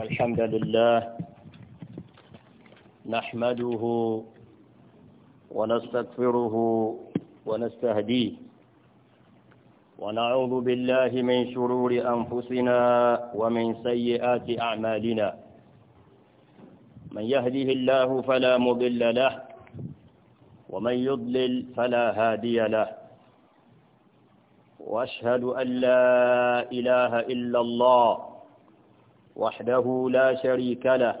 الحمد لله نحمده ونستغفره ونستهديه ونعوذ بالله من شرور أنفسنا ومن سيئات أعمالنا من يهده الله فلا مضل له ومن يضلل فلا هادي له وأشهد أن لا إله إلا الله وحده لا شريك له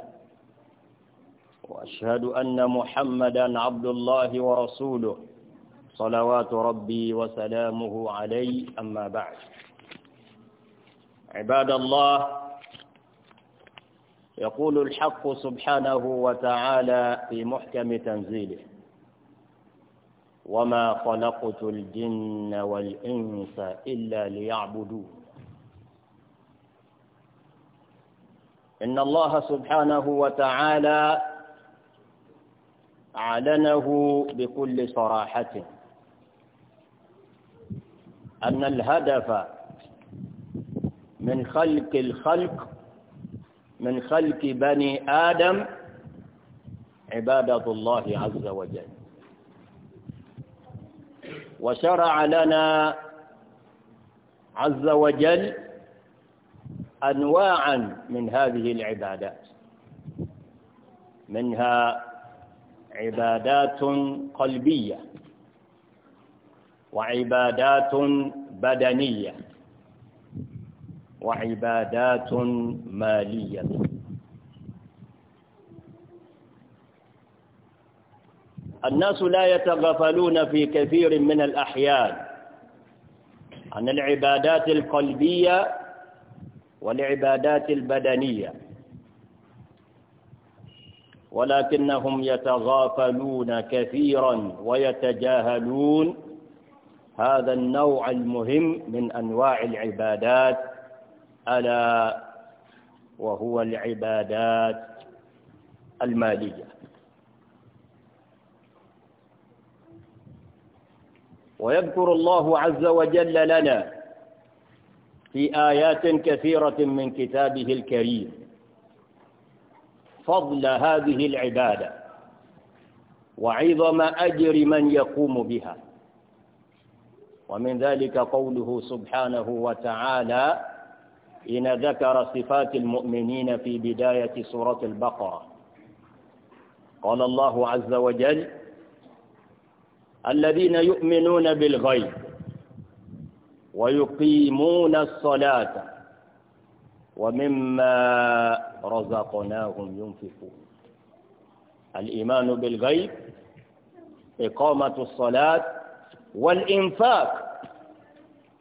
وأشهد أن محمدا عبد الله ورسوله صلوات ربي وسلامه عليه أما بعد عباد الله يقول الحق سبحانه وتعالى في محكم تنزيله وما خلقت الجن والإنس إلا ليعبدون إن الله سبحانه وتعالى أعلنه بكل صراحة أن الهدف من خلق الخلق من خلق بني آدم عبادة الله عز وجل وشرع لنا عز وجل أنواعا من هذه العبادات منها عبادات قلبية وعبادات بدنية وعبادات مالية الناس لا يتغفلون في كثير من الأحيان عن العبادات القلبية والعبادات البدنية ولكنهم يتغافلون كثيرا ويتجاهلون هذا النوع المهم من أنواع العبادات ألا وهو العبادات المالية ويذكر الله عز وجل لنا في آيات كثيرة من كتابه الكريم فضل هذه العبادة وعظم أجر من يقوم بها ومن ذلك قوله سبحانه وتعالى إن ذكر صفات المؤمنين في بداية سورة البقرة قال الله عز وجل الذين يؤمنون بالغيب ويقيمون الصلاة ومما رزقناهم ينفقون الإيمان بالغيب إقامة الصلاة والإنفاق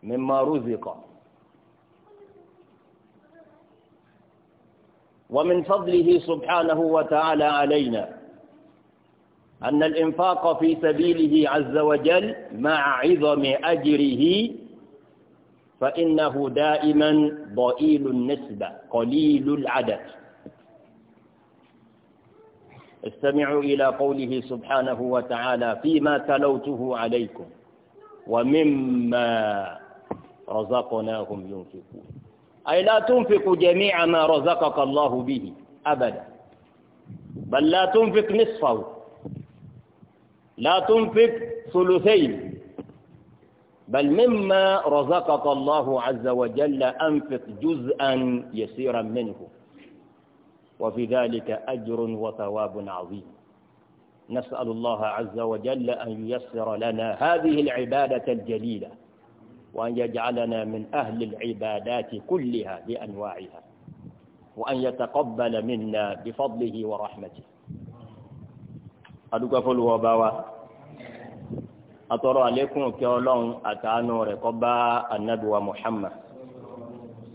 مما رزق ومن فضله سبحانه وتعالى علينا أن الإنفاق في سبيله عز وجل مع عظم أجره فإنه دائما ضئيل النسبة قليل العدد استمعوا إلى قوله سبحانه وتعالى فيما تلوته عليكم ومما رزقناهم ينفقون أي لا تنفق جميع ما رزقك الله به أبدا بل لا تنفق نصفه لا تنفق ثلثين بل مما رزقك الله عز وجل أنفق جزءا يسيرا منه وفي ذلك أجر وثواب عظيم نسأل الله عز وجل أن ييسر لنا هذه العبادة الجليلة وأن يجعلنا من أهل العبادات كلها بأنواعها وأن يتقبل منا بفضله ورحمته أدوك فلو وباوه atọrọ àlékún kí Ọlọ́run àtàánú rẹ̀ kó bá anabi wa muhammad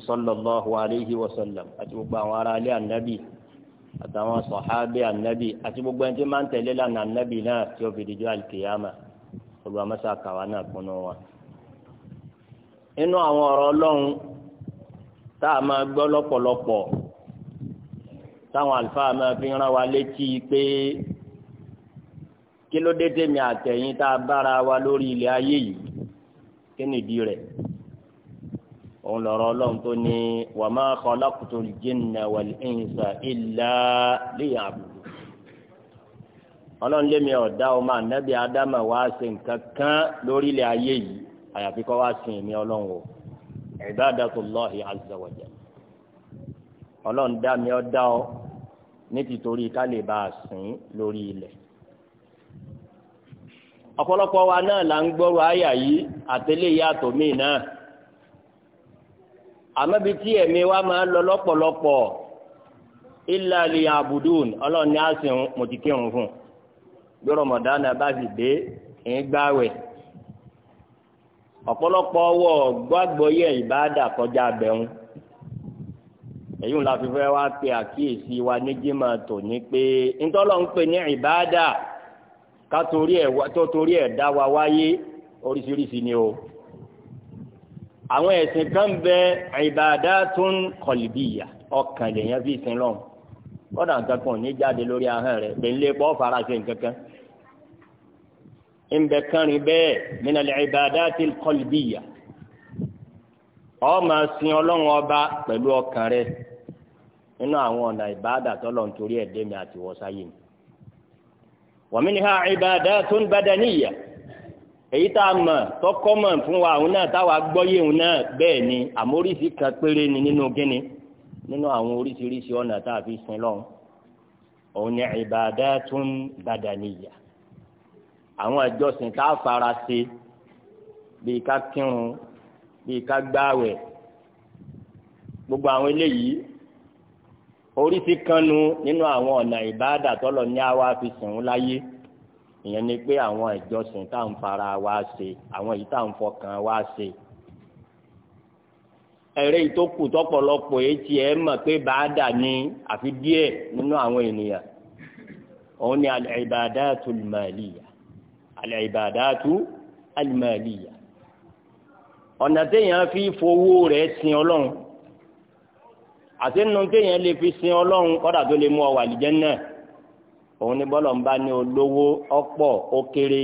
sallallahu alayhi wa sallam àti gbogbo àwọn ará ilé anabi àtàwọn sọ̀hábì anabi àti gbogbo ẹni tí máa ń tẹ̀lé lànà anabi náà tí ó fi dijọ́ alikiyama olùwàmẹ́sà kàwá náà kúnnú wa. inú àwọn ọ̀rọ̀ Ọlọ́run tá a máa gbọ́ lọ́pọ̀lọpọ̀ táwọn àlùfáà máa fi rán wa létí pé kí ló dé tèmi àtẹ̀yìn tá a bára wa lórí ilẹ̀ ayé yìí kí nìdí rẹ̀ òun lọ̀rọ̀ ọlọ́run tó ní wa ma khalaqtul jinna wal insa illa liya'budu ọlọ́run lémi ọ̀dá ọmọ ànábì ádámà wá ṣe nǹkan kan lórí ilẹ̀ ayé yìí àyàfi kọ́ wá sin èmi ọlọ́run o ibadatullahi azza wa ọlọ́run dá mi ọ́ dá ọ ní tìtorí ká lè bá a sìn lórí ilẹ̀ ọ̀pọ̀lọpọ̀ wa náà là ń gbọ́rọ̀ àyà yìí àtẹ́lẹ̀ yàtọ̀ míì náà àmọ́ tí ẹ̀mí wa máa ń lọ lọ́pọ̀lọpọ̀ illa liyabudun ọlọ́run ní àsìn mo ti kírun fún bí rọmọdánà bá sì dé ń gbáwẹ̀ ọ̀pọ̀lọpọ̀ wọ̀ gbàgbọ́yẹ̀ ìbáàdà kọjá bẹ̀rùn èyí ńlá fífẹ́ wá pe àkíyèsí wa ní jimá tòní pé ńtọ́lọ́ ń pè ní ìbáàdà ká torí ẹ̀ tó torí ẹ̀ dá wa wáyé oríṣiríṣi ni o àwọn ẹ̀sìn kan bẹ ibadatun qalbiyya ọkàn lèyàn fi sin lọ́hùn kọ́dà nǹkan kan ò ní jáde lórí ahọ́n rẹ̀ gbẹ̀ńlẹ̀ pọ́ fara ṣe nǹkan kan ń bẹ kánrin bẹ́ẹ̀ min al-ibadatil qalbiyya ọ máa sin ọlọ́run ọba pẹ̀lú ọkàn rẹ nínú àwọn ọ̀nà ìbáàdà tọ́lọ̀ nítorí ẹ̀dẹ́mi àti wọ́sáyé mi. ومنها عبادات بدنية èyí tá a mọ̀ tọ́kọ́ mọ̀ fún wa òun náà táwa gbọ́yé òun náà bẹ́ẹ̀ ni àmóríṣi kan péré ni nínú gíní nínú àwọn oríṣiríṣi ọ̀nà tá a fi sin lọ́hùn òun ni ibadatun badaniya àwọn ìjọsìn tá a fara ṣe bíi ká kírun bíi ká gbáwẹ̀ gbogbo àwọn eléyìí oríṣi kanu nínú àwọn ọ̀nà ìbáàdà tọ́lọ̀ ní àwa fi sùn láyé ìyẹn ni pé àwọn ìjọsìn tá à ń fara wa ṣe àwọn èyí tá à ń fọkàn wa ṣe ẹ̀rẹ́ ìtókù tọ́pọ̀lọpọ̀ etí ẹ̀ mọ̀ pé bàádà ni àfi díẹ̀ nínú àwọn ènìyàn òun ni al-ibadatu al-maliya ọ̀nà téèyàn fi fowó rẹ̀ sin ọlọ́run àti nínú téèyàn lè fi sin ọlọ́run kọ́dà tó lè mú ọ wà àlìjánnà òun ni bọ́lọ̀ ń bá ní olówó ọ̀pọ̀ ó kéré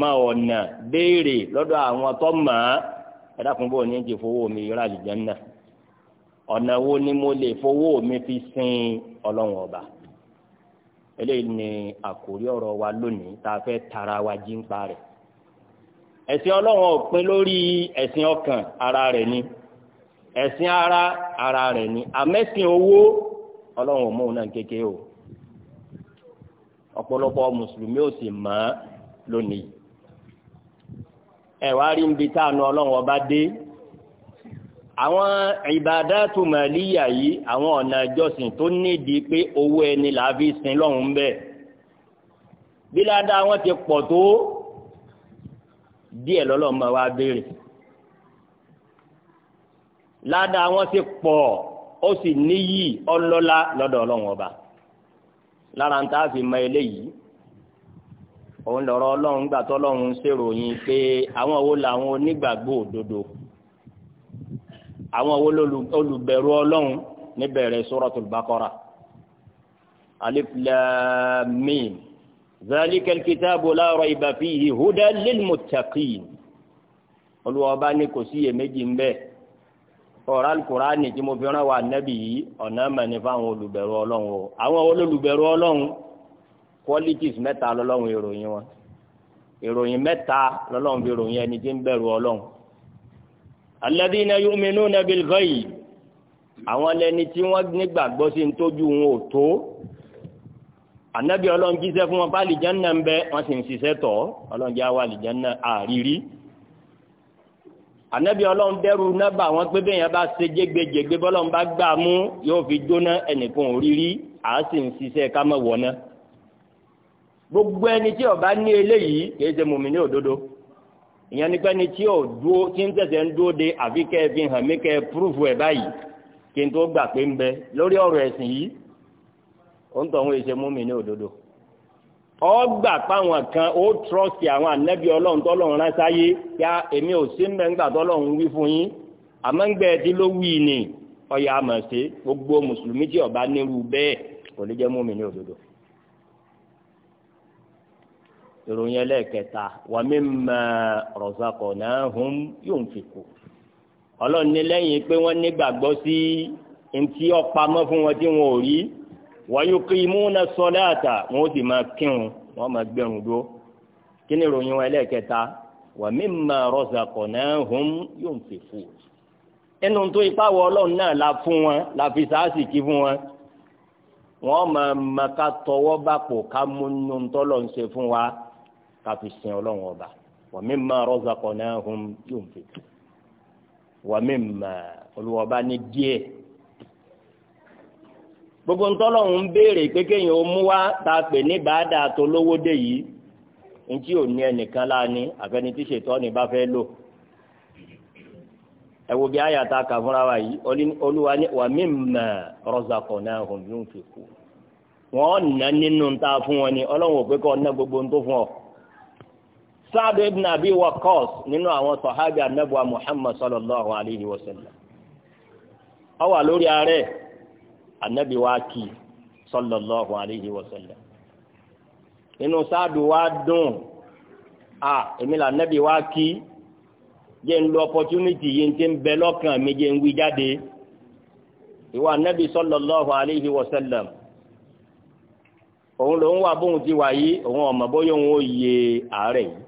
má ọ̀nà béèrè lọ́dọ̀ àwọn tó mọ̀ ọ́ ẹ dákun bò ní ti fowó mi ra àlìjánnà ọ̀nà wo ni mo lè fowó mi fi sin ọlọ́run ọba eléyìí ni àkórí ọ̀rọ̀ wa lónìí tá a fẹ́ tara wa jí ń pa rẹ̀ ẹ̀sìn ọlọ́run ò pín lórí ẹ̀sìn ọkàn ara rẹ̀ ni ẹ̀sìn ara ara rẹ̀ ni àmẹ́sìn owó ọlọ́run mọ̀ náà kéke o ọ̀pọ̀lọpọ̀ mùsùlùmí ò sì mọ̀ ọ́ lónìí ẹ̀wá rí níbi táànù ọlọ́run ọba dé àwọn ìbádátù màlíyà yìí àwọn ọ̀nà ìjọsìn tó nídìí pé owó ẹni làá fi sin lọ́hùn ń bẹ̀ bí ládàá wọn ti pọ̀ tó díẹ̀ lọ́lọ́mọ wa béèrè ládàá wọn sì pọ̀ ó sì níyì ọlọ́lá lọ́dọ̀ ọlọ́run ọba lára ń tá a fi mọ eléyìí òun lọ́rọ̀ ọlọ́run gbà tọ́lọ́run ṣèròyìn pé àwọn wo làwọn onígbàgbọ́ òdodo àwọn wo olùbẹ̀rù ọlọ́run níbẹ̀rẹ̀ Suratul Baqara alif lam mim la rayba fihi hudan lil muttaqin olùwọ́ba ní kò síyèméjì ń bẹ́ẹ̀ ọ̀rọ̀ alukurani tí mo fi rán wa nẹ́bì yìí ọ̀nà mẹ́ni fáwọn olùbẹ̀rù ọlọ́run o àwọn olùbẹ̀rù ọlọ́run qualities mẹ́ta lọ́lọ́run ìròyìn wọn ìròyìn mẹ́ta lọ́lọ́run fi ròyìn ẹni tí ń bẹ̀rù ọlọ́run. alladhina yu'minuna bil ghaib àwọn lẹni tí wọ́n nígbàgbọ́ sí ń tójú wọn ò tó ànábì ọlọ́run jíṣẹ́ fún wọn fálìjánná ń bẹ wọ́n sì ń ṣiṣẹ́ tọ̀ ọlọ́run jẹ́ àwọ̀ àlìjánná àrírí anabi ọlọ́run dẹ́rù nẹ́bà wọn pé bẹ́ẹ̀ yẹn bá ṣe jégbéjègbé bọ́lọ́run bá gbà mú yóò fi jóná ẹnìkan òrírí à á sì ń ṣiṣẹ́ ká mọ̀ wọ̀nà. gbogbo ẹni tí ó bá ní eléyìí kìí ṣe mùmínì òdodo ìyẹn nípa ẹni tí ò dúó tí ń tẹ̀sẹ̀ ń dúó de àfi kẹ́ ẹ fi hàn mí kẹ́ ẹ púrúfù ẹ̀ báyìí kí n tó gbà pé ń bẹ lórí ọ̀rọ̀ ẹ̀sìn yìí ó ń tọ̀ ọgbà páwọn kan ó trọ́ọ̀sì àwọn ànẹ́bí ọlọ́run tọ́lọ́run rán sáyé yá èmi ò sí mẹ́ngbà tọ́lọ́run wí fún yín àmọ́ ń gbẹ́ ẹtí ló wí ni ọyà àmọ̀ sí gbogbo mùsùlùmí tí ọba nírú bẹ́ẹ̀ kò lè jẹ́ mùmínì òdodo. ìròyìn ẹlẹ́ẹ̀kẹta wa mimma razaqnahum yunfiqun ọlọ́run ní lẹ́yìn pé wọ́n nígbàgbọ́ sí ntí ọpamọ́ fún wọn tí wọn ò rí wayuqimuna salata wọn ó sì máa kírun wọn máa gbẹrun dúró kí ìròyìn wọn ẹlẹ́ẹ̀kẹta wa mimma razaqnahum yunfiqun ẹnu tó ipá wọ ọlọ́run náà la fún wọn la fi sáàsì kí fún wọn wọn máa máa ká tọwọ́ bàpò ká múnú tọ́lọ̀ ń ṣe fún wa ká fi sin ọlọ́run ọba wa mimma razaqnahum yunfiqun wa mimma olùwọ́ba ní díẹ̀ gbogbo ntọ́lọ́hún béèrè pé kéèyàn ó mú wá tá pè ní bàádà tó lówó dé yìí ntí ò ní ẹnìkan láàní àfẹni tí ṣètò ọ̀nì bá fẹ́ lò ẹ wo bí àyà wà mí mà náà hùn yóò fi kú wọ́n nà nínú ta fún wọn ni ọlọ́run ò pé kọ́ gbogbo ń tó fún ọ. Abi nínú àwọn Muhammad sallallahu alayhi wa sallam anabi wa ki, sallallahu alayhi wa sallam inú sáàdù wa dùn a èmi là anabi wa ki, í jẹ́ ń lo opportunity yìí ti ń bẹ lọ́kàn mi jẹ́ ń wí jáde ìwà anabi sallallahu alayhi wa sallam òun lòun wà bóun ti wà yìí òun ọmọ bóyá òun ò yẹ àárẹ̀ yìí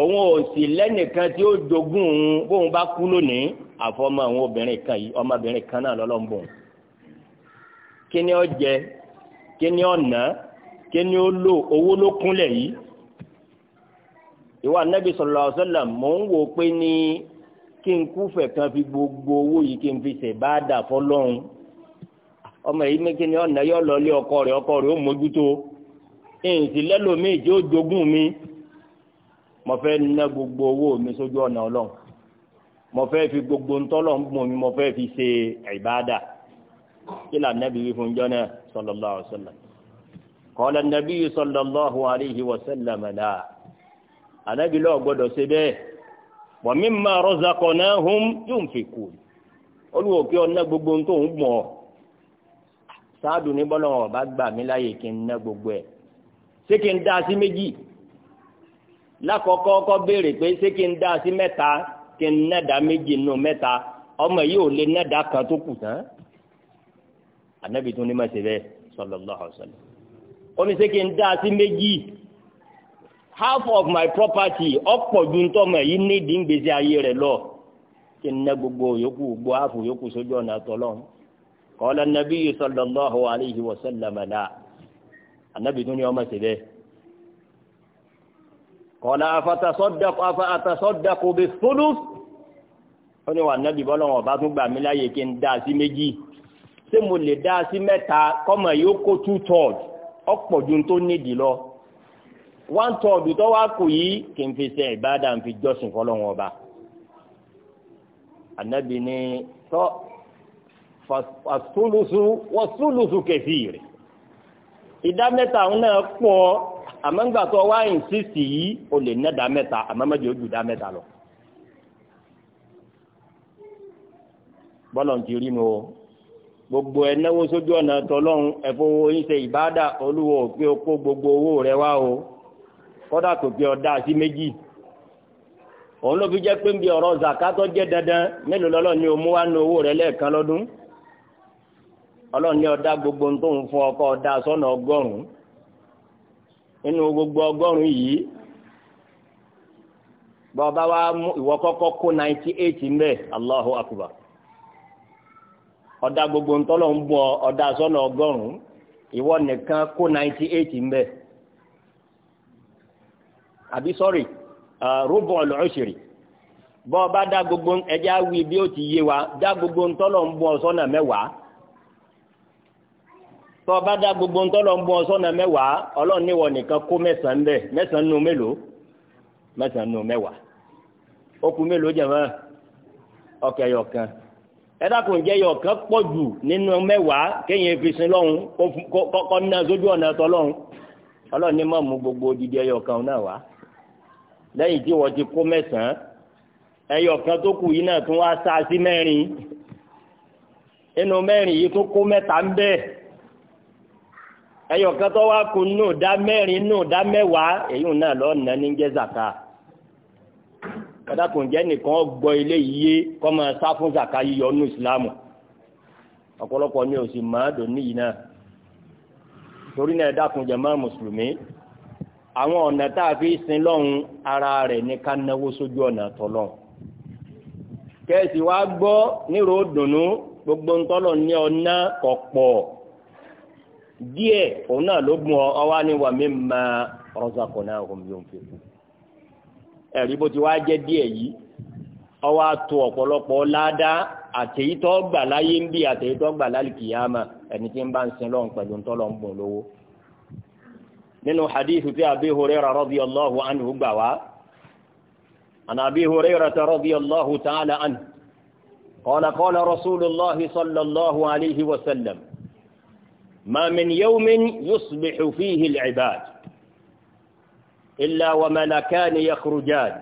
òun ò sì lẹ́nìkan tí ó jogún òun bóun bá kú lónìí àfọmọ àwọn obìnrin kan yìí ọmọbìnrin kan náà lọ́lọ́mbọ̀n kí ni ọ jẹ kí ni ó kí ni ó lò owó ló kúnlẹ̀ yìí ìwà nẹ́bí sọ̀rọ̀ ọ̀sọ́là mò ń wò pé ní kí n kan fi gbogbo owó yìí kí n fi ṣe bá dà fọlọ́run ọmọ yìí kí ni lọ lé ọkọ mi mo fẹ́ gbogbo owó mi sójú ọ̀nà mo fẹ́ fi gbogbo ntọ́lọ̀ ń mi mo fẹ́ fi ṣe ìbáadà kí là nàbí wí fún jọ́nà sallallahu alaihi wasallam qala nàbí sallallahu alaihi wasallam la ànábì lọ́ọ̀ gbọ́dọ̀ ṣe bẹ́ẹ̀ gbogbo mọ̀ sáàdù ní bọ́lá wọn gbogbo ẹ̀ ṣé kí n dá sí méjì lákọ̀ọ́kọ́ béèrè pé ṣé kí n kí n nàdá méjì nù mẹ́ta ọmọ yìí ò lè nàdá kan tó kù tán anabi tún ní ma ṣe bẹ́ẹ̀ sallallahu alaihi wasallam kí n dá sí méjì half of my property ọ̀pọ̀ ju ń tọ́mọ yìí ní ń ayé rẹ̀ lọ kí n ná gbogbo yòókù gbogbo ààfò yòókù sójú ọ̀nà anabi tún ní ọmọ ṣe kọ́lá afatasaddaku afatasaddaku bi thuluth ó ní wà nábì bọ́lọ́wọ́n ọba tún gbà mí láyè kí n dá sí méjì ṣé mo lè dá sí mẹ́ta kọ́mọ yóò kó two third ọ̀pọ̀ ju tó nídìí lọ one third tó wá kù yìí kí n fi ṣe ìbádà fi jọ́sìn fọlọ́wọ́n ọba anabi ni tọ́ fasulusu wasulusu kẹfì ìdá mẹ́ta náà pọ̀ àmọ́ ńgbà tó wá ìnsísì yìí o lè ná dá mẹ́ta àmọ́ mẹ́jọ ojú dá mẹ́ta lọ. bọ́lọ̀ ń ti rí nu o gbogbo ẹ náwó sójú ọ̀nà tọlọ́run ẹ̀fọwọ́ yín ṣe ìbáàdà olúwo pé o gbogbo owó rẹ wá o kọ́dà kò pé ọ̀dà sí méjì òun ló fi jẹ́ pé ń bi ọ̀rọ̀ zakatọ́ jẹ́ dandan mélòó lọ́lọ́ ni o mú wá nu owó rẹ lẹ́ẹ̀kan lọ́dún ọlọ́run ní ọ̀dà gbogbo ń fún ọkọ̀ ọ̀dà sọ́nà ọgọ́rùn-ún nínú gbogbo ọgọ́rùn-ún yìí bàbá wa mú ìwọ kó Allahu Akbar ọ̀dà gbogbo na ń bọ̀ ọ̀dà sọ́nà ọgọ́rùn-ún ìwọ nìkan kó àbí rúbọ̀ uh, dá gbogbo ẹja bí ó ti yé wa dá gbogbo ń bọ̀ sọ́nà mẹ́wàá. tọ́ ọ bá dá gbogbo ń tọ́lọ̀ ń bọ́ sọ́nà mẹ́wàá ọlọ́run níwọ̀ nìkan kó mẹ́sàn-án bẹ̀ mẹ́sàn-án nù mélòó mẹ́sàn-án nù mẹ́wàá ó kù mélòó jẹ̀mọ́ ọkẹ́ yọ̀kan ẹ dákun jẹ́ yọ̀kan pọ̀ jù nínú mẹ́wàá kéèyàn fi sin lọ́hùn kọ́ ná sójú ọ̀nà tọ́lọ́hùn ọlọ́run ní mọ̀ mú gbogbo odidi ẹyọ̀kan náà wá lẹ́yìn tí wọ́n ti kó mẹ́sàn-án ẹyọ̀kan tó kó mẹ́ta ń bẹ́ẹ̀ ẹyọkan tó wá kun nù dá mẹ́rin nù dá mẹ́wàá èyí náà lọ nà ní jẹ́ zaka kọ́dàkùn jẹ́ nìkan gbọ́ ilé yìí kọ́ máa sá fún zaka yíyọ nù ìsìlámù ọ̀pọ̀lọpọ̀ ni òsì máa dùn níyì náà torí náà dákun jàmá mùsùlùmí àwọn ọ̀nà tá a fi sin lọ́hùn ara rẹ̀ ní ká náwó sójú ọ̀nà tọ́lọ́hùn kẹ́sì wá gbọ́ nírò dùnú gbogbo ntọ́lọ̀ ní ọ̀nà ọ̀pọ̀ díẹ̀ òun náà ló gun ọ wá ní wa mimma razaqnahum yunfiqun ẹ̀rí bó ti wá jẹ́ díẹ̀ yìí ọ wá tó ọ̀pọ̀lọpọ̀ ládàá àtẹ̀yítọ́ gbà láyé ń bí àtẹ̀yítọ́ gbà lálìkìyàmà ẹni tí ń bá ń sin lọ́hùn pẹ̀lú ńtọ́lọ́ ń bùn lówó. nínú hadithu tí abi hurairah radiyallahu anhu gbà wá an abi hurairah radiyallahu ta'ala anhu qala qala rasulullahi sallallahu alayhi wa sallam. ما من يوم يصبح فيه العباد إلا وملكان يخرجان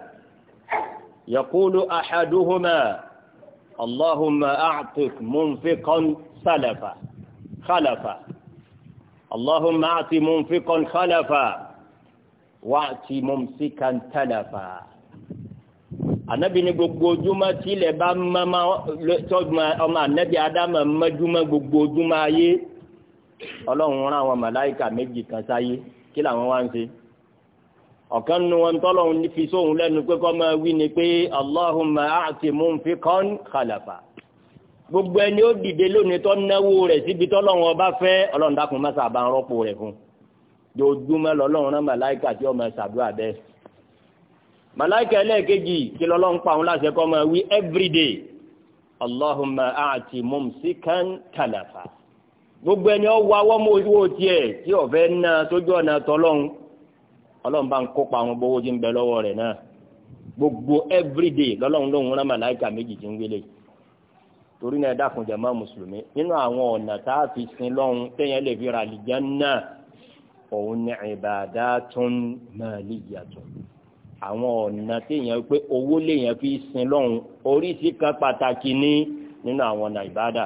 يقول أحدهما اللهم أعطك منفقا سلفا خلفا اللهم أعط منفقا خلفا وأعط ممسكا تلفا anabi ni gbogbo ojúmọ́ tí ilẹ̀ bá mọ́ ọmọ anabi adama mọ́júmọ́ gbogbo ojúmọ́ ayé ọlọ́run rán àwọn màláìkà méjì kan sáyé kí làwọn wá ń ṣe ọ̀kan nu wọn tọ́lọ́run fi sóhun lẹ́nu pé kọ́ máa wí ni pé allahumma a'ti munfiqan khalafa gbogbo ẹni ó dìde lónìí tó náwó rẹ̀ síbi tọ́lọ́run ọba fẹ́ ọlọ́run dákun má sábà ń rọ́pò rẹ̀ fún dojúmọ́ lọ́lọ́run rán màláìkà tí ọmọ ṣàdúrà bẹ́ẹ̀ màláìkà ẹlẹ́ẹ̀kejì kí lọ́lọ́run pa àwọn láṣẹ kọ́ máa wí everyday allahumma a'ti mumsikan khalafa gbogbo ẹni ọwọ́ awọ́ mọ owó tiẹ̀ tí ọ̀fẹ́ ná sójú ọ̀nà tọ́lọ́hún ọlọ́run bá ń kópa àwọn gbowó tí ń bẹ lọ́wọ́ rẹ̀ náà gbogbo everyday lọ́lọ́run lóhun rán màláìka méjì tí ń wélé torí náà dákun jàmá mùsùlùmí nínú àwọn ọ̀nà tá a fi sin lọ́hun téèyàn lè fi ra àlìjánnà òun ní ibadatun maliyatun àwọn ọ̀nà téèyàn pé owó lèèyàn fi sin lọ́hun oríṣi kan pàtàkì ní nínú àwọn ọ̀nà ìbádà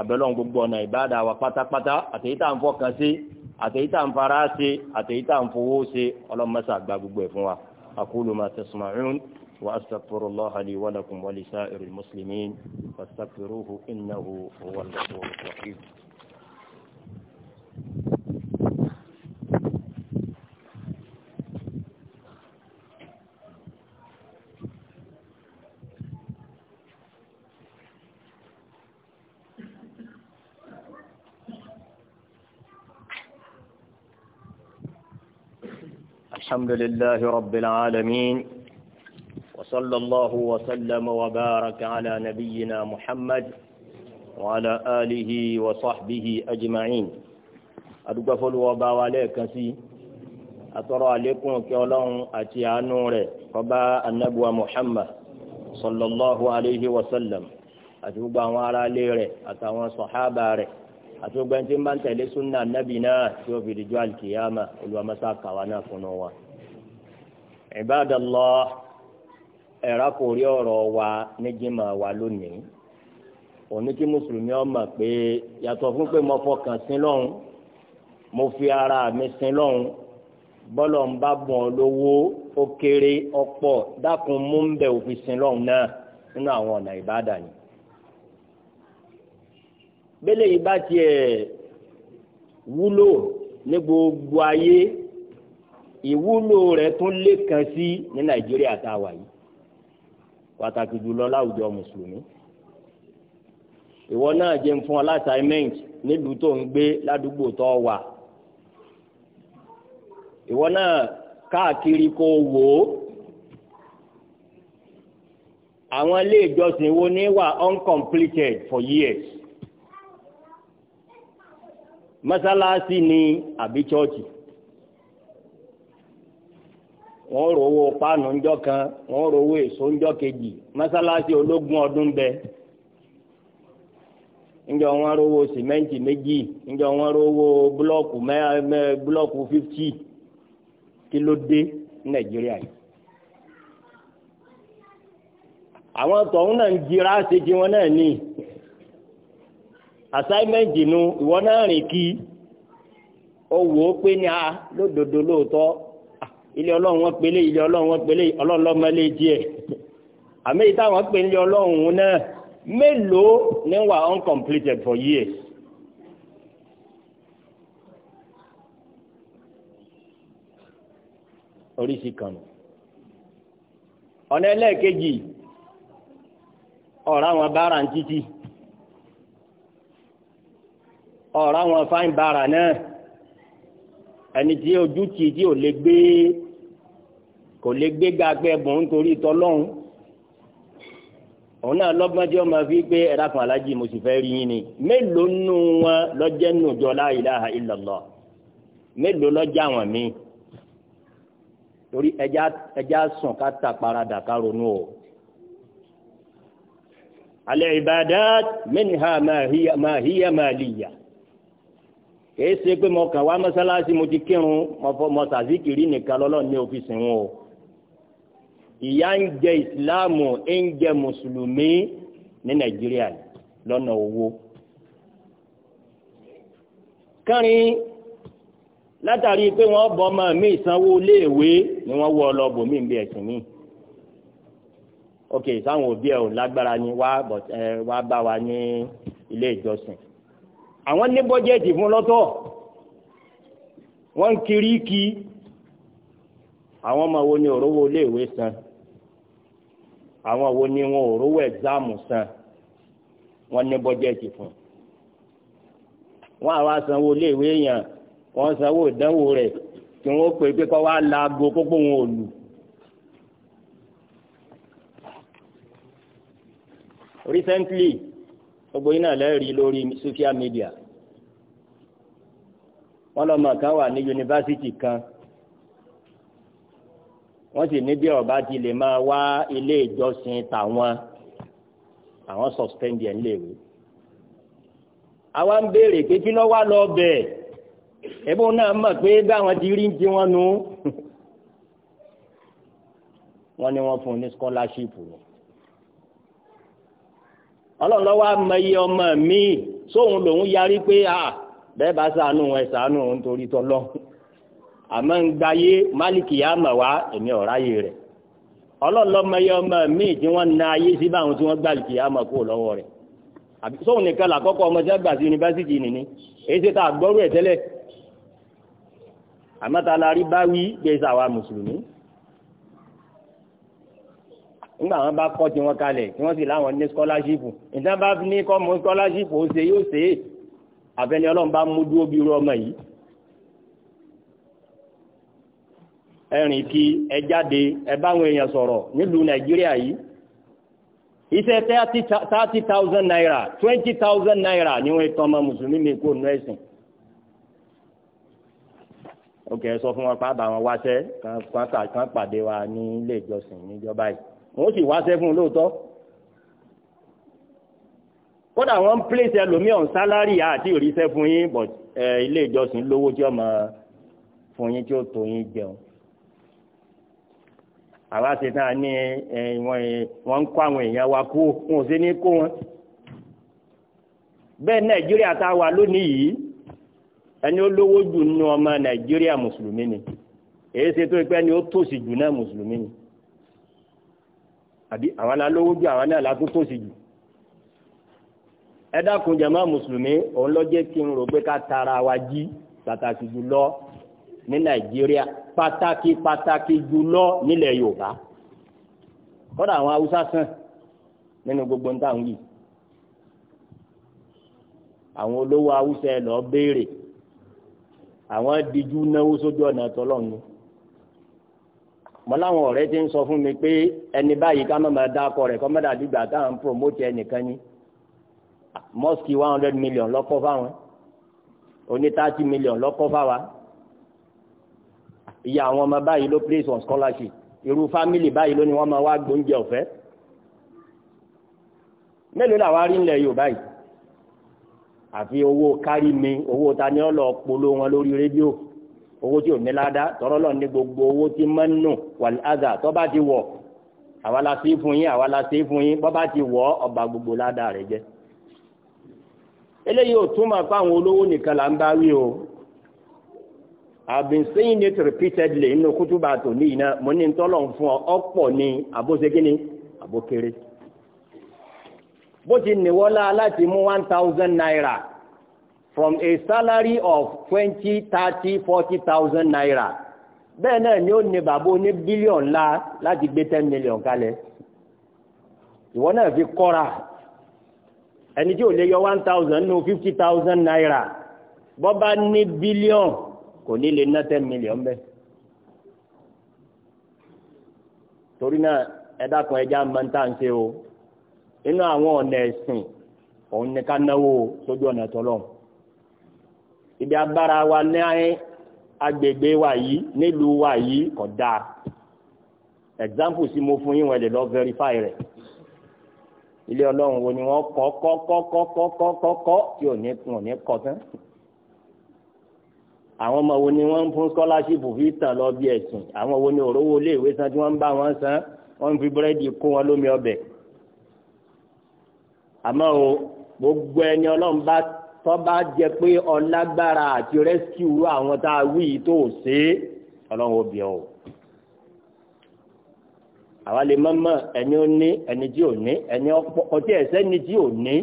abẹ́lọ́n gbogbo ọ̀nà ìbáàdà wa pátápátá àtẹ̀yí tá à ń fọkàn sí àtẹ̀yí tá à ń fara sí àtẹ̀yí tá à ń fowó sí ọlọ́mọṣà gba gbogbo ẹ̀ fún wa aqulu ma tasma'un wa astaghfirullaha li wa lakum wa الحمد لله رب العالمين وصلى الله وسلم وبارك على نبينا محمد وعلى آله وصحبه أجمعين adúgbò fọlùwọ bá wa lẹ́ẹ̀kan sí atọrọ àlékún kí Ọlọ́run àti àánú rẹ̀ kọba anabuwa muhammad sallallahu alayhi wa sallam àti gbogbo àwọn ará ilé rẹ̀ àtàwọn sọhábà rẹ̀ àti gbogbo ẹni tí ń bá ń tẹ̀lé sunna anabi náà tí ó fi dìjọ alikiyama olùwàmásá kàwa náà fún wa. Ibadallah ẹ̀rá kò rí ọ̀rọ̀ wa níjìmá wa lónìí òní kí mùsùlùmí ọmọ pé yàtọ̀ fún pé mo fọkàn sí lọ́hùn mo fi ara mi sí lọ́hùn bọ́lọ̀ ń bá bọ̀ lówó ó kéré ọ̀pọ̀ dákun mú ń bẹ̀ òfin sí lọ́hùn náà nínú àwọn ọ̀nà ìbáàdà ni. bẹ́lẹ̀ yìí bá tiẹ̀ wúlò ní gbogbo ayé ìwúlò rẹ̀ tún lékan sí ní nàìjíríà tá a wà yìí pàtàkì jùlọ láwùjọ mùsùlùmí ìwọ náà jẹun fún ọ látàímẹ́ǹt nílùú tó ń gbé ládùúgbò tó wà ìwọ náà káàkiri kó wò ó àwọn ilé ìjọsìn wo ní wà uncompleted for years mọ́sálásí ni àbí chọ́ọ̀chì. wọ́n rówó páànù ńjọ́ kan wọ́n rówó èso ńjọ́ kejì mọ́sálásí ológun ọdún bẹ ńjọ́ wọ́n rówó sìmẹ́ǹtì méjì ńjọ́ wọ́n rówó búlọ́ọ̀kù mẹ́ búlọ́ọ̀kù fífítì kí ló dé nàìjíríà yìí. àwọn tọ̀hún náà ń jira ṣe ti wọn náà ní assignment nu ìwọ náà rìn kí ó wò ó pé ní a ah, lódodo ilé ọlọ́run wọn pélé ilé ọlọ́run wọn pélé ọlọ́run lọ́mọlé díẹ̀ àmì ìtàwọn pè ní ọlọ́run náà mélòó ni wà uncompleted for years. oríṣi kan nù ọ̀nà ẹlẹ́ẹ̀kejì ọ̀rọ̀ àwọn bára ń títí ọ̀rọ̀ àwọn fáìn bára náà ẹni tí ojú tì tí ò lè gbé kò lè gbéga pé ẹbùn nítorí tọlọ́hún òun náà lọ́gbọ́n tí wọ́n máa fi pé ẹ̀rá kan alájí mo sì fẹ́ rí yín ni mélòó nù wọn lọ́jẹ́ nù jọ la ilaha illallah mélòó lọ́jà wọn mi torí ẹja sùn ká ta parada ká ronú o. al-ibadat minha ma hiya ma hiya maliya kèé ṣe pé mo kàn wá mọ́sálásí mo ti kírun mo fọ mo nìkan lọ́lọ́ ní òfìsì wọn o ìyà ń jẹ ìsìláàmù ń jẹ mùsùlùmí ní nàìjíríà lọ́nà owó. kárin látàrí pé wọ́n bọ́ ọmọ mi ìsanwó iléèwé ni wọ́n wọ ọlọ́bù mi ń bí ẹ̀sìn mi. ok sáwọn òbí ẹ ò lágbára ni wá bá wa ní ilé ìjọsìn àwọn ní bọ́jẹ́ẹ̀tì fún lọ́tọ̀ wọ́n ń kiri kí àwọn ọmọ wo ni òróró iléèwé san àwọn wo ni wọn ò rówó ẹ̀gzáàmù san wọn ní bọ́jẹ́tì fún wọn àwa sanwó iléèwé yẹn wọn sanwó ìdánwò rẹ̀ kí wọn pè pé kọ́ wá laago kókó wọn ò lù. recently gbogbo iná lẹ́rìí lórí social media wọ́n lọ́mọ kan wà ní yunifásitì kan wọ́n sì ní bí ọba ti lè máa wá ilé ìjọsìn tàwọn àwọn suspend ẹ̀ ńléèwé àwa ń béèrè pé kí lọ́wọ́ lọ bẹ̀ ẹ̀bí wọn náà mọ̀ pé báwọn ti rí ń ti wọn nu wọ́n ní wọ́n fún un ní scholarship ni ọlọ́run lọ́wọ́ amẹ́yẹ ọmọ mi sóhun lòun yarí pé ah, bẹ́ẹ̀ bá ṣàánú ẹ̀ ṣàánú nítorí tọ́lọ́run àmọ́ ń gbáyé málìkì yá mà wá èmi ọ̀ráyè rẹ̀ ọlọ́lọ́mọye ọmọ míì tí wọ́n na ayé sí báwọn tí wọ́n gbàlìkì yá mà kó lọ́wọ́ rẹ̀ sóhun nìkan làkọ́kọ́ ọmọ tí wọ́n gbà sí yunifásitì nìní èyí ṣe tá a gbọ́rú ẹ̀ tẹ́lẹ̀ àmọ́ ta la rí bá wí pé sàwa mùsùlùmí nígbà wọn bá kọ́ tí wọ́n kalẹ̀ tí wọ́n sì láwọn ní skọ́láṣípù ìtàn ní kọ́ mọ́ skọ́láṣípù ó ṣe yóò ṣe é àfẹnilọ́lọ́run mú dúró bí irú ọmọ yìí ẹ̀rìn kí ẹ jáde ẹ báwọn èèyàn sọ̀rọ̀ nílùú nàìjíríà yìí iṣẹ́ thirty thousand naira twenty thousand naira ni wọ́n tán ọmọ mùsùlùmí mi kó nù ẹ̀sìn òkè sọ fún wọn pa bá wọn wáṣẹ́ kan pàdé wa ní ilé ìjọsìn níjọba yìí wọ́n sì wáṣẹ́ fún un lóòótọ́ kódà wọ́n ń pèsè ẹlòmíì sálárì àti òrìṣẹ́ fún yín but ilé ìjọsìn lówó tí ọmọ fún yín tí ó tó yín jẹun àwa ṣe náà ní wọ́n ń kó àwọn èèyàn wa kú wọn ò sí ní kó wọn. bẹ́ẹ̀ nàìjíríà tá a wà lónìí yìí ẹni ó lówó jù nínú ọmọ nàìjíríà mùsùlùmí ni èyí ṣe tó pẹ́ ni ó tòṣì jù náà mùsùlùmí ni àbí àwọn alówó jù àwọn náà látún tòṣì jù ẹ dákun jàmá mùsùlùmí òun ló jẹ́ kí n rò pé ká tara wa jí pàtàkì jù lọ ní nàìjíríà pàtàkì pàtàkì jùlọ nílẹ̀ yorùbá kọ́dà àwọn haúsá sàn nínú gbogbo ń táwọn yìí àwọn olówó haúsá ẹ lọ́ọ́ béèrè àwọn díjú náwó sójú ọ̀nà tọ́lọ́run mo láwọn ọ̀rẹ́ ti ń sọ fún mi pé ẹni báyìí ká má máa dá akọ rẹ̀ kọ́ mọ́dà dìgbà táwọn promote ẹnìkan ni mosque one hundred million lọ́kọ́ fáwọn oní thirty million lọ́kọ́ fáwa iye àwọn ọmọ báyìí ló place on scholarship irú fámìlì báyìí ló ní wọ́n máa wá gbóúnjẹ ọ̀fẹ́ mélòó làwọn arí ńlẹ̀ Yorùbá yìí àfi owó kárí mi owó ta ni ó polo wọn lórí rédíò owó tí ò ní ládá tọrọ lọ ní gbogbo owó tí máa ń nù wàlíhàzà tó bá ti wọ àwa la sí fún yín àwa la sí fún yín bọ́ bá ti wọ ọba gbogbo ládá rẹ jẹ eléyìí ò túmọ̀ fáwọn olówó nìkan là ń bá wí o I've been saying it repeatedly nínú kútúbà tó ní iná mo ní tọ́lọ̀ ń fún ọ ọ̀pọ̀ ní àbóṣekínní àbókéré. bó ti nìwọ́lá láti mú one thousand naira from a salary of twenty thirty forty thousand naira bẹ́ẹ̀ náà ni ó ní bàbá oní bílíọ̀n ńlá láti gbé ten million kalẹ̀ ìwọ náà fi kọ́ra ẹni tí ò lè yọ one thousand nù fifty thousand naira bọ́ bá ní bílíọ̀n kò ní lè ná ten million bẹ́ẹ̀ torí náà ẹ dákun ẹja máa ń tà ń ṣe o inú àwọn ọ̀nà ẹ̀sìn òun ni ká náwó sójú ọ̀nà tọ́lọ̀ ibi agbára wa ní agbègbè wa yìí nílùú wa yìí kò dáa example sí mo fún yín wọ́n lè lọ verify rẹ̀ ilé ọlọ́run wo ni wọ́n kọ́ kọ́ kọ́ kọ́ kọ́ kọ́ kọ́ tí ò ní kọ́ tán àwọn ọmọ wo ni wọ́n ń fún scholarship fi tàn lọ bí ẹ̀sìn àwọn wo ni òróró ilé ìwé san tí wọ́n ń bá wọn san wọ́n ń fi búrẹ́dì kó wọn lómi ọbẹ̀ àmọ́ o gbogbo ẹni ọlọ́run bá tọ́ bá jẹ pé ọlágbára àti rescue àwọn tá a wí yìí tó ṣe é ọlọ́run ó bí ọ o àwa lè mọ́mọ́ ẹni ó ní ẹni tí ò ní ẹni ọtí ẹ̀sẹ́ ni tí ò ní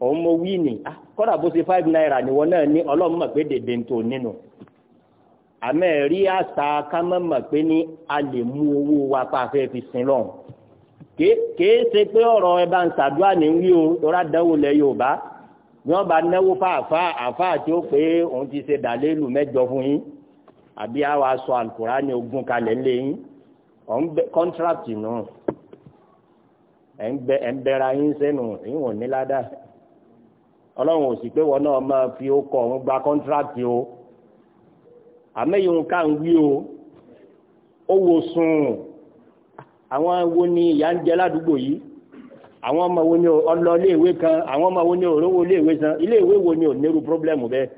òun mo wí ni ah, kọ́dà bó ṣe five naira ni wọn náà ní ọlọ́run mọ̀ pé dèdè ń tò nínú àmọ́ ẹ̀rí àṣà ká mọ̀ mọ̀ pé ní a lè mú owó wa pa afẹ́ fi sin lọ́hùn kèé ṣe pé ọ̀rọ̀ ẹ bá ń ṣàdúrà ní wí o lọ́ra dánwò lẹ Yorùbá bí wọ́n bá náwó fáàfá àfáà tí ó pé òun ti ṣe dàlélù mẹ́jọ fún yín àbí àwa sọ Al-Kùránì ogún kalẹ̀ ńlẹ̀ yín ọ̀n bẹ kọ́ńtíráàtì náà ẹ̀ ń bẹ̀ra yín sẹ́nu ìwọ̀n níládàá ọlọ́run ò sì pé wọn náà máa fi ó kọ òun gba kọ́ńtíráàtì o àmẹ́yìn ká ń wí o ó wo sùn àwọn wo ni ìyá ń jẹ ládùúgbò yìí àwọn ọmọ wo ni ọlọ iléèwé kan àwọn ọmọ wo ni òróró iléèwé san iléèwé wo ni ò nírú pírọ́blẹ́mù bẹ́ẹ̀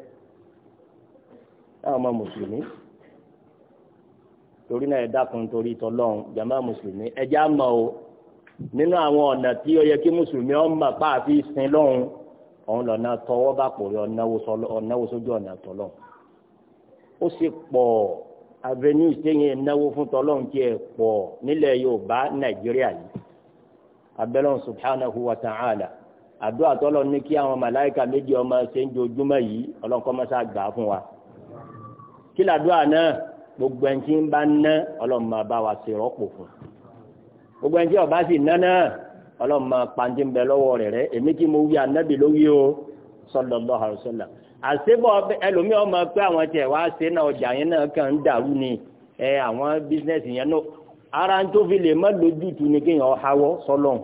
àwọn ọmọ mùsùlùmí torí náà ẹ dákun torí tọlọ́run jàmá mùsùlùmí ẹjá mọ̀ o nínú àwọn ọ̀nà tí ó yẹ kí mùsùlùmí ọmọ pàápàá fi sin lọ́hùn òun lọ́nà tọwọ́ bá pò rí ọ̀nàwó sójú ọ̀nà tọ́lọ̀ ó sì pọ̀ avenue sẹ́yìn ẹ̀náwó fún tọ́lọ̀ ń tiẹ̀ pọ̀ nílẹ̀ Yorùbá Nàìjíríà yìí abẹ́lẹ́ subhanahu wa ta'ala àdúrà tọ́lọ̀ ní kí àwọn màláìka méjì ọmọ ṣe ń jojúmọ́ yìí ọlọ́nkọ́ mọ́sá gbà á fún wa kí làdúrà náà gbogbo ẹni tí ń bá ná ọlọ́mọ bá wa ṣe fún gbogbo ẹni tí ọba sì ná náà ọlọ́run máa pàǹdí ń bẹ lọ́wọ́ rẹ̀ rẹ́ èmi kí mo wí anábì ló o sallallahu alaihi wasallam àṣebọ̀ ẹlòmíì ọmọ pé àwọn tiẹ̀ wá ṣe náà ọjà yẹn náà kàn ń dàrú ni ẹ àwọn bísínẹ́sì yẹn náà ara ń tó fi lè má lójútu ni kéèyàn hawọ́ sọlọ́n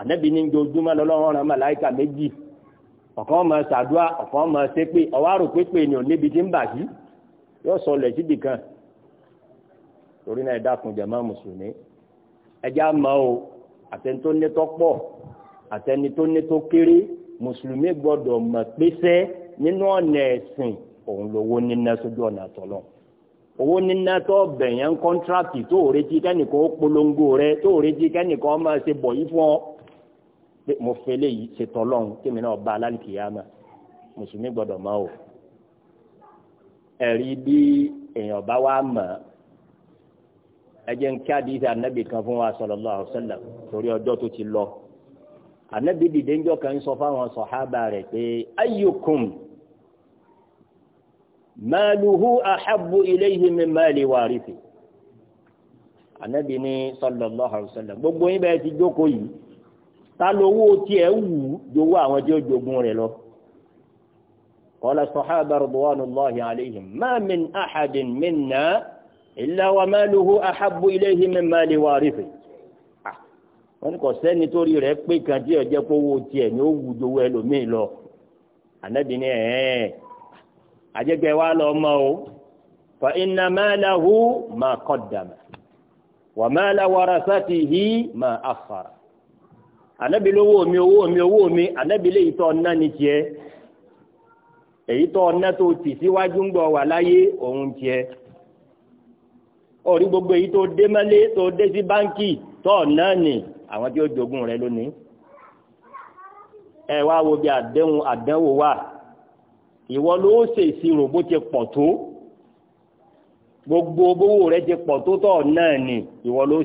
anábì ní ojoojúmọ́ lọ́lọ́run ọ̀ràn màláìka méjì ọ̀kan ọmọ ṣàdúrà ọ̀kan ọmọ ṣépè ọwọ́ àrò pépè ni ò níbi tí ń bà sí yóò sọ lẹ̀ síbì kan torí náà ẹ dákun jàmá mùsùlùmí ẹ já mọ́ o àtẹni tó ní tó pọ̀ àtẹni tó ní tó kéré mùsùlùmí gbọ́dọ̀ mọ̀ pèsè nínú ọ̀nà ẹ̀sìn òun lówó níná sójú ọ̀nà àtọ̀lọ́ owó níná tó bẹ̀yẹn kọ́ńtrákì tó o retí kẹ́nìkan ó polongo rẹ tó o retí kẹ́nìkan ó máa ṣe bọ̀ yìí fún ọ pé mo fẹ́ léyìí ṣe tọ́lọ́hún kémi náà bá alálìkìyàmà mùsùlùmí gbọ́dọ̀ mọ̀ o ẹ̀rí bí èèyàn bá wá mọ̀ ọ́ ẹ jẹ́ ń kí àdìsí ànábì kan fún wa sallallahu alaihi wasallam torí ọjọ́ tó ti lọ ànábì dìde ńjọ kan ń sọ fáwọn sọ̀hábà rẹ̀ pé ayyukum máàlùhù ahabbu ilayhi min máàlì wàrìsì ànábì ní sallallahu alaihi wasallam gbogbo yín bẹ́ẹ̀ ti jókòó yìí ta lówó tiẹ̀ wù jowó àwọn tí ó jogún rẹ̀ lọ. qala sọ̀hábà radwanullahi alaihim ma min ahadin minna. illa wa maluhu ahabbu a min mali wọ́n ní sẹ́ni tó rí rẹ̀ pé kan tí ọjọ́ kó wo tiẹ̀ ní ó wù ẹlòmíì lọ ànábì ní ẹ̀ ẹ́ wa lọ mọ́ o fa inna malahu ma qaddama wa mala warasatihi ma akhara ànábì lówó mi owó owó ànábì lè orí gbogbo èyí tó dé mẹ́lé tó dé sí báńkì tó náà nì àwọn tí ó jogún rẹ lónìí ẹ wo bí àdéhùn àdéhùn wà ìwọ ló ṣe ìṣirò ti pọ̀ gbogbo owó rẹ ti pọ̀ tó tọ̀ náà nì ìwọ ló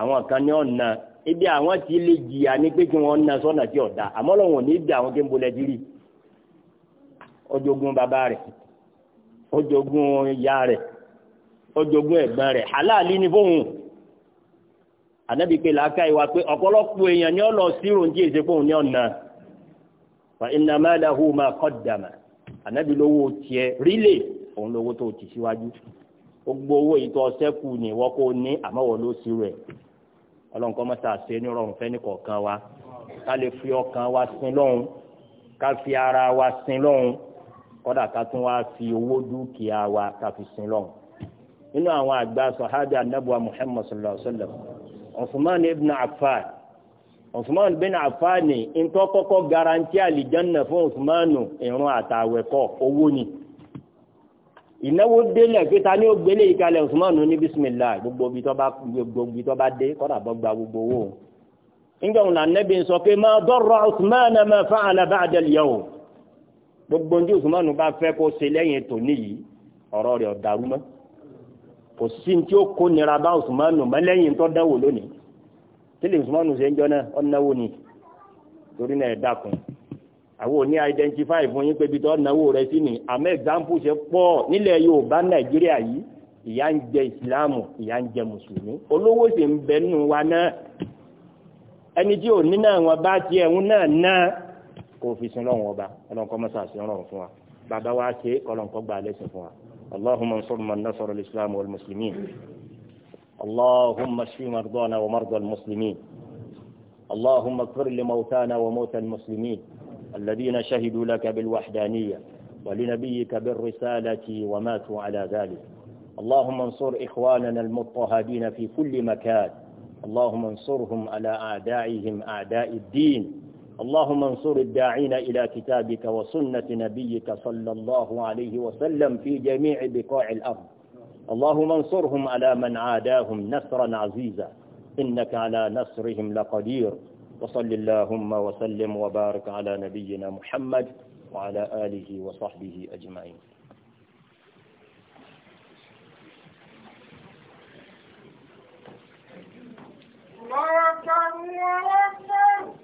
àwọn kan ní ọ̀nà ibi àwọn ti lè jìyà pé kí na sọ́nà tí ọ̀dà àmọ́ lọ́wọ́ ní ọjọgbọn ẹ̀gbọ́n rẹ̀ halali ni fóun anabi pe làákà ìwà pé ọ̀pọ̀lọpọ̀ èèyàn ni ọlọ sírò ń jí èsè fóun ní ọ̀nà fa iná máa dáhùn máa kọ́ dàmà anabi lówó tiẹ̀ rílè òun lówó tó ti síwájú gbogbo owó ìtọ́ sẹ́kù ni wọ́n kó ní àmọ́wọ́ ló sírò ẹ̀ ọlọ́run kọ́ mọ́ta ṣe ní rọrùn fẹ́ ní kọ̀ọ̀kan wa ká lè fi ọkàn wa sin lọ́hùn ká fi ara wa sin lọ́hùn kódà ká tún wá fi owó dúkìá wa ká fi sin lọ́hùn nínú àwọn àgbà sọ̀hádà anábùwà muhammad sallallahu alayhi wa sallam usman ibn affan usman bin affan ni ntọ́ kọ́kọ́ garanti àlìjánná fún usman ìrun àtàwẹ̀kọ́ owó ni ìnáwó délẹ̀ pé ta ni ó gbélé ìkalẹ̀ usman ní bisimilá gbogbo ibi tó bá gbogbo tó bá dé kọ́dà bọ́ gba gbogbo owó nígbà wọn ànábì sọ pé ma darra usman ma fa'ala ba'da al-yawm gbogbo ní usman bá fẹ́ kó ṣe lẹ́yìn tòní yìí ọ̀rọ̀ rẹ̀ ọ̀dàrú mọ́ kò sí tí ó kó nira bá Usmanu mọ́lẹ́yìn tó dánwò lónìí tílé Usmanu ṣe ń jọ náà ọ̀nàwó ni torí náà ẹ̀ dákun àwọn ò ní identify fún yín pé ibi tó ọ̀nàwó rẹ sí ni àmọ́ example ṣe pọ̀ nílẹ̀ Yorùbá Nàìjíríà yìí ìyà ń jẹ ìsìláàmù ìyà ń jẹ mùsùlùmí olówó sì ń bẹ nínú wa náà ẹni tí ò ní náà wọn bá tiẹ̀ ń náà náà kò fi sin lọ́wọ́ ọba ọlọ́nkọ́ mọ́sàásì rọrùn fún wa bàbá wa ṣe kọlọ́nkọ́ gbà lẹ́sìn fún wa. اللهم انصر من نصر الإسلام والمسلمين اللهم اشف مرضانا ومرضى المسلمين اللهم اغفر لموتانا وموتى المسلمين الذين شهدوا لك بالوحدانية ولنبيك بالرسالة وماتوا على ذلك اللهم انصر إخواننا المضطهدين في كل مكان اللهم انصرهم على أعدائهم أعداء الدين اللهم انصر الداعين إلى كتابك وسنة نبيك صلى الله عليه وسلم في جميع بقاع الأرض اللهم انصرهم على من عاداهم نصرا عزيزا إنك على نصرهم لقدير وصل اللهم وسلم وبارك على نبينا محمد وعلى آله وصحبه أجمعين الله أكبر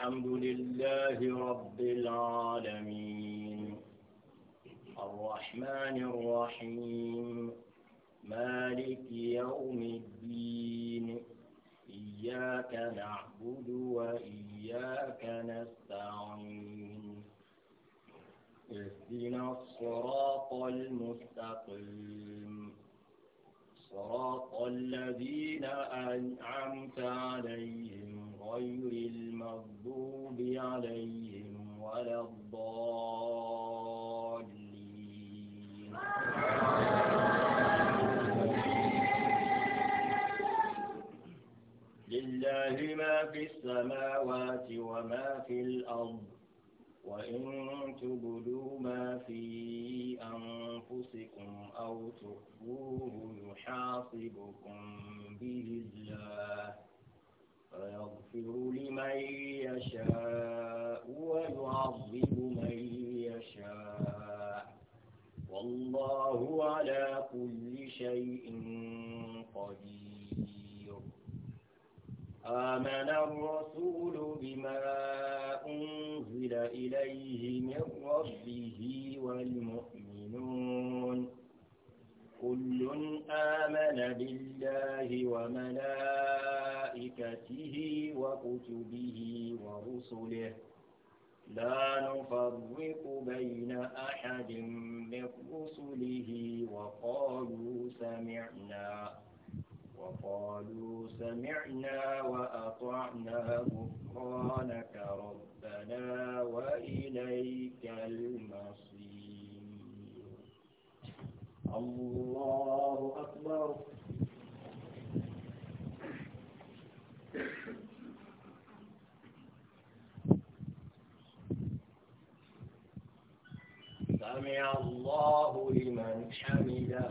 الحمد لله المغضوب عليهم ولا الضالين لله ما في السماوات وما في الأرض وإن تبدوا ما في أنفسكم أو تخفوه يحاسبكم به الله فيغفر لمن يشاء ويعظم من يشاء والله على كل شيء قدير آمن الرسول بما أنزل إليه من ربه والمؤمنون كل آمن بالله وملائكته وكتبه ورسله لا نفرق بين أحد من رسله وقالوا سمعنا وقالوا سمعنا وأطعنا غفرانك ربنا وإليك المصير الله أكبر سمع الله لمن حمده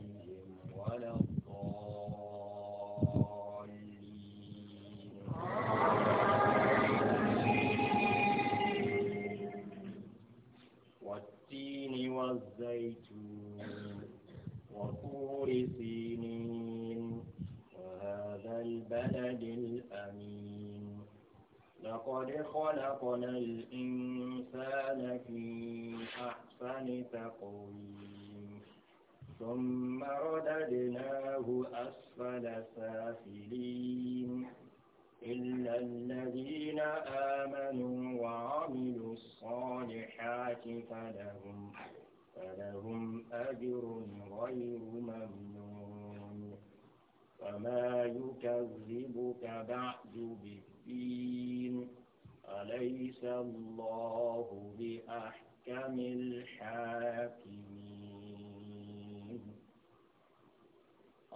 ولا والزيتون وطور سينين وهذا البلد الأمين لقد خلقنا الإنسان في أحسن تقويم ثم رددناه أسفل سافلين إلا الذين آمنوا وعملوا الصالحات فلهم فلهم أجر غير ممنون فما يكذبك بعد بالدين أليس الله بأحكم الحاكمين